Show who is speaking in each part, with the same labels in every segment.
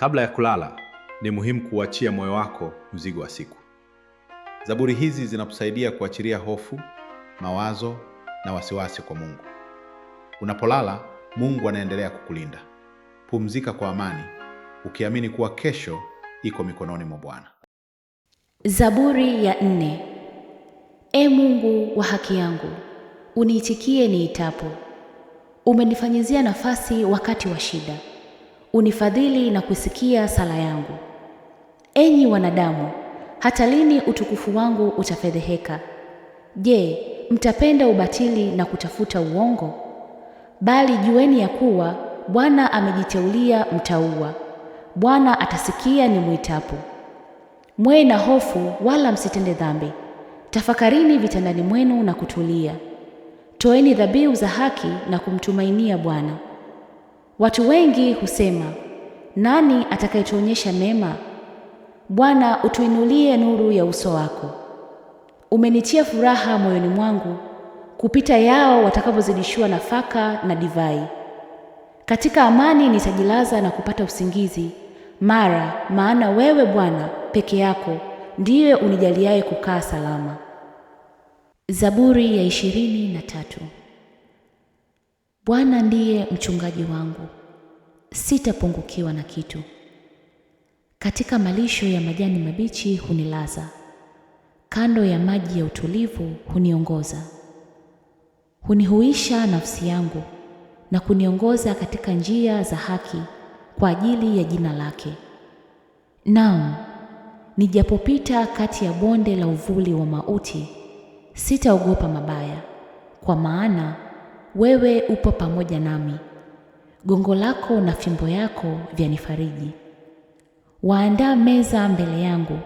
Speaker 1: Kabla ya kulala, ni muhimu kuuachia moyo wako mzigo wa siku. Zaburi hizi zinakusaidia kuachilia hofu, mawazo na wasiwasi kwa Mungu. Unapolala, Mungu anaendelea kukulinda. Pumzika kwa amani, ukiamini kuwa kesho iko mikononi mwa Bwana. Zaburi ya nne. E Mungu wa haki yangu, uniitikie niitapo. Umenifanyizia nafasi wakati wa shida unifadhili na kusikia sala yangu. Enyi wanadamu, hata lini utukufu wangu utafedheheka? Je, mtapenda ubatili na kutafuta uongo? Bali jueni ya kuwa Bwana amejiteulia mtaua. Bwana atasikia ni mwitapo. Mwe na hofu wala msitende dhambi. Tafakarini vitandani mwenu na kutulia. Toeni dhabihu za haki na kumtumainia Bwana. Watu wengi husema, nani atakayetuonyesha mema? Bwana, utuinulie nuru ya uso wako. Umenitia furaha moyoni mwangu kupita yao watakavyozidishiwa nafaka na divai. Katika amani nitajilaza na kupata usingizi mara, maana wewe Bwana peke yako ndiye unijaliaye kukaa salama.
Speaker 2: Zaburi ya ishirini na tatu. Bwana ndiye mchungaji wangu sitapungukiwa na kitu. Katika malisho ya majani mabichi hunilaza, kando ya maji ya utulivu huniongoza. Hunihuisha nafsi yangu na kuniongoza katika njia za haki kwa ajili ya jina lake. Naam, nijapopita kati ya bonde la uvuli wa mauti, sitaogopa mabaya, kwa maana wewe upo pamoja nami gongo lako na fimbo yako vyanifariji. Waandaa meza mbele yangu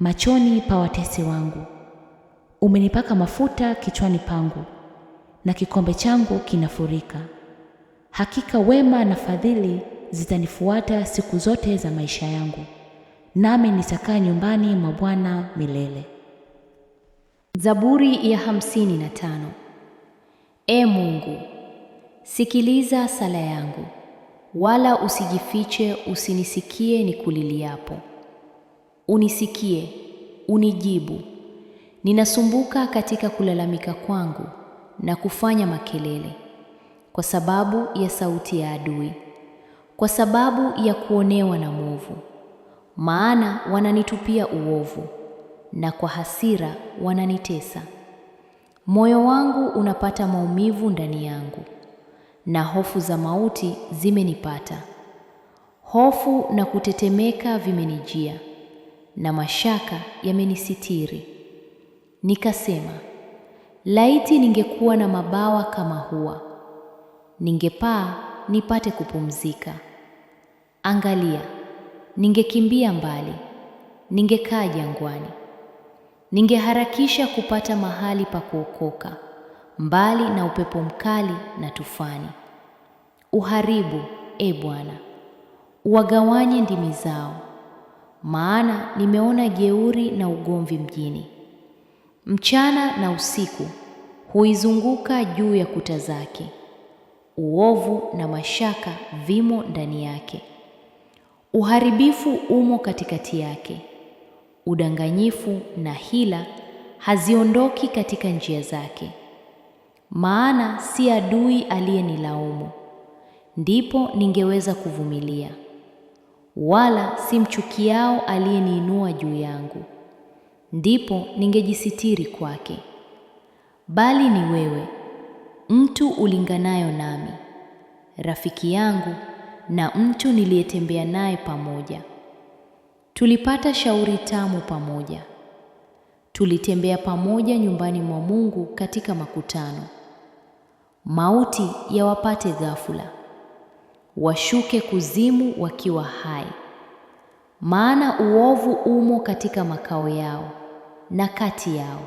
Speaker 2: machoni pa watesi wangu. Umenipaka mafuta kichwani pangu, na kikombe changu kinafurika. Hakika wema na fadhili zitanifuata siku zote za maisha yangu, nami nitakaa nyumbani mwa Bwana milele.
Speaker 3: Zaburi ya hamsini na tano. E Mungu Sikiliza sala yangu, wala usijifiche, usinisikie nikuliliapo. Unisikie, unijibu. Ninasumbuka katika kulalamika kwangu na kufanya makelele, kwa sababu ya sauti ya adui, kwa sababu ya kuonewa na mwovu. Maana wananitupia uovu, na kwa hasira wananitesa. Moyo wangu unapata maumivu ndani yangu na hofu za mauti zimenipata. Hofu na kutetemeka vimenijia, na mashaka yamenisitiri. Nikasema, laiti ningekuwa na mabawa kama hua, ningepaa nipate kupumzika. Angalia, ningekimbia mbali, ningekaa jangwani, ningeharakisha kupata mahali pa kuokoka mbali na upepo mkali na tufani. Uharibu, e Bwana, uwagawanye ndimi zao, maana nimeona jeuri na ugomvi mjini. Mchana na usiku huizunguka juu ya kuta zake, uovu na mashaka vimo ndani yake. Uharibifu umo katikati yake, udanganyifu na hila haziondoki katika njia zake maana si adui aliyenilaumu, ndipo ningeweza kuvumilia, wala si mchukiao aliyeniinua juu yangu, ndipo ningejisitiri kwake. Bali ni wewe mtu ulinganayo nami, rafiki yangu na mtu niliyetembea naye pamoja. Tulipata shauri tamu pamoja, tulitembea pamoja nyumbani mwa Mungu katika makutano mauti yawapate ghafula, washuke kuzimu wakiwa hai, maana uovu umo katika makao yao na kati yao.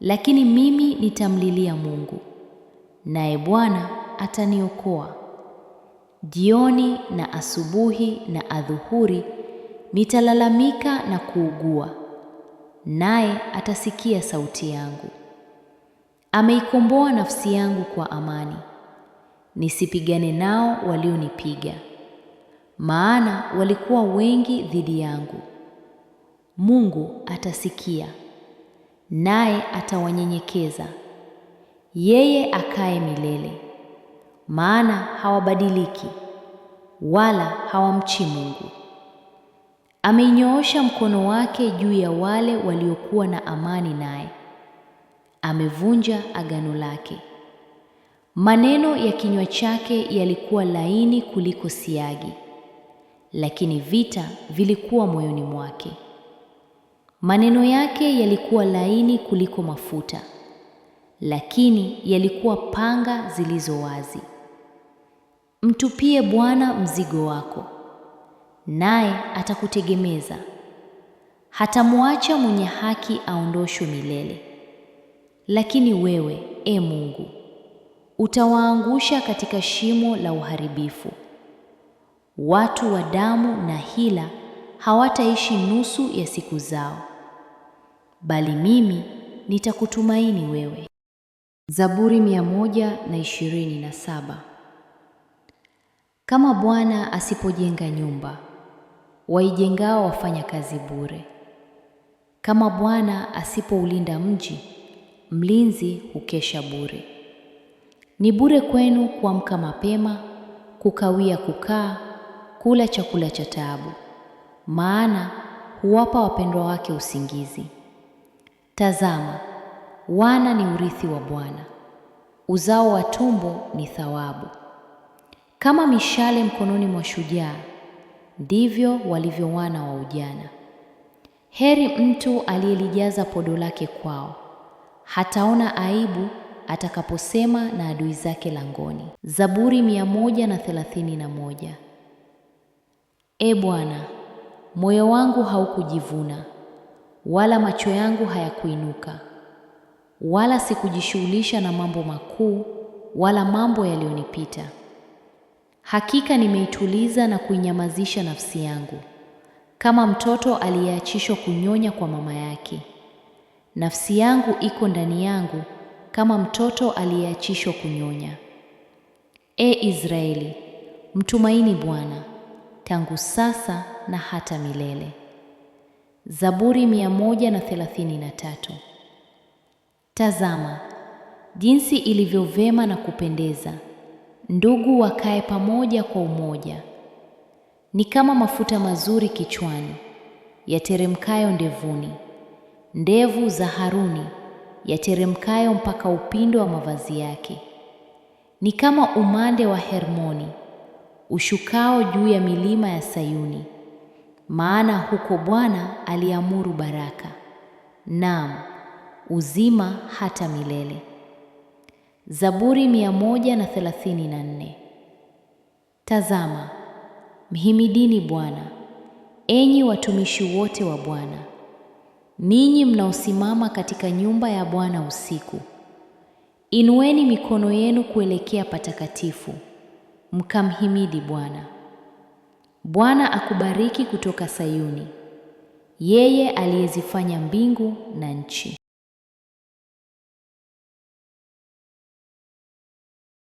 Speaker 3: Lakini mimi nitamlilia Mungu, naye Bwana ataniokoa. Jioni na asubuhi na adhuhuri nitalalamika na kuugua, naye atasikia sauti yangu. Ameikomboa nafsi yangu kwa amani, nisipigane nao walionipiga, maana walikuwa wengi dhidi yangu. Mungu atasikia naye atawanyenyekeza, yeye akae milele, maana hawabadiliki wala hawamchi Mungu. Ameinyoosha mkono wake juu ya wale waliokuwa na amani naye amevunja agano lake. Maneno ya kinywa chake yalikuwa laini kuliko siagi, lakini vita vilikuwa moyoni mwake. Maneno yake yalikuwa laini kuliko mafuta, lakini yalikuwa panga zilizo wazi. Mtupie Bwana mzigo wako, naye atakutegemeza. Hatamwacha mwenye haki aondoshwe milele. Lakini wewe, e Mungu, utawaangusha katika shimo la uharibifu. Watu wa damu na hila hawataishi nusu ya siku zao, bali mimi nitakutumaini wewe.
Speaker 4: Zaburi saba. Kama Bwana asipojenga nyumba, waijengao wafanya kazi bure. Kama Bwana asipoulinda mji mlinzi hukesha bure. Ni bure kwenu kuamka mapema, kukawia kukaa, kula chakula cha taabu, maana huwapa wapendwa wake usingizi. Tazama, wana ni urithi wa Bwana, uzao wa tumbo ni thawabu. Kama mishale mkononi mwa shujaa, ndivyo walivyo wana wa ujana. Heri mtu aliyelijaza podo lake kwao hataona aibu atakaposema na adui zake langoni.
Speaker 5: Zaburi mia moja na thelathini na moja. E Bwana, moyo wangu haukujivuna wala macho yangu hayakuinuka, wala sikujishughulisha na mambo makuu wala mambo yaliyonipita. Hakika nimeituliza na kuinyamazisha nafsi yangu, kama mtoto aliyeachishwa kunyonya kwa mama yake. Nafsi yangu iko ndani yangu kama mtoto aliyeachishwa kunyonya. E Israeli, mtumaini Bwana tangu sasa na hata milele.
Speaker 6: Zaburi 133. Tazama jinsi ilivyo vema na kupendeza ndugu wakae pamoja kwa umoja. Ni kama mafuta mazuri kichwani, yateremkayo ndevuni ndevu za Haruni yateremkayo mpaka upindo wa mavazi yake, ni kama umande wa Hermoni ushukao juu ya milima ya Sayuni, maana huko Bwana aliamuru baraka, naam uzima hata milele.
Speaker 7: Zaburi 134. Tazama, mhimidini Bwana, enyi watumishi wote wa Bwana ninyi mnaosimama katika nyumba ya Bwana usiku, inueni mikono yenu kuelekea patakatifu, mkamhimidi Bwana. Bwana akubariki kutoka Sayuni, yeye aliyezifanya mbingu na nchi.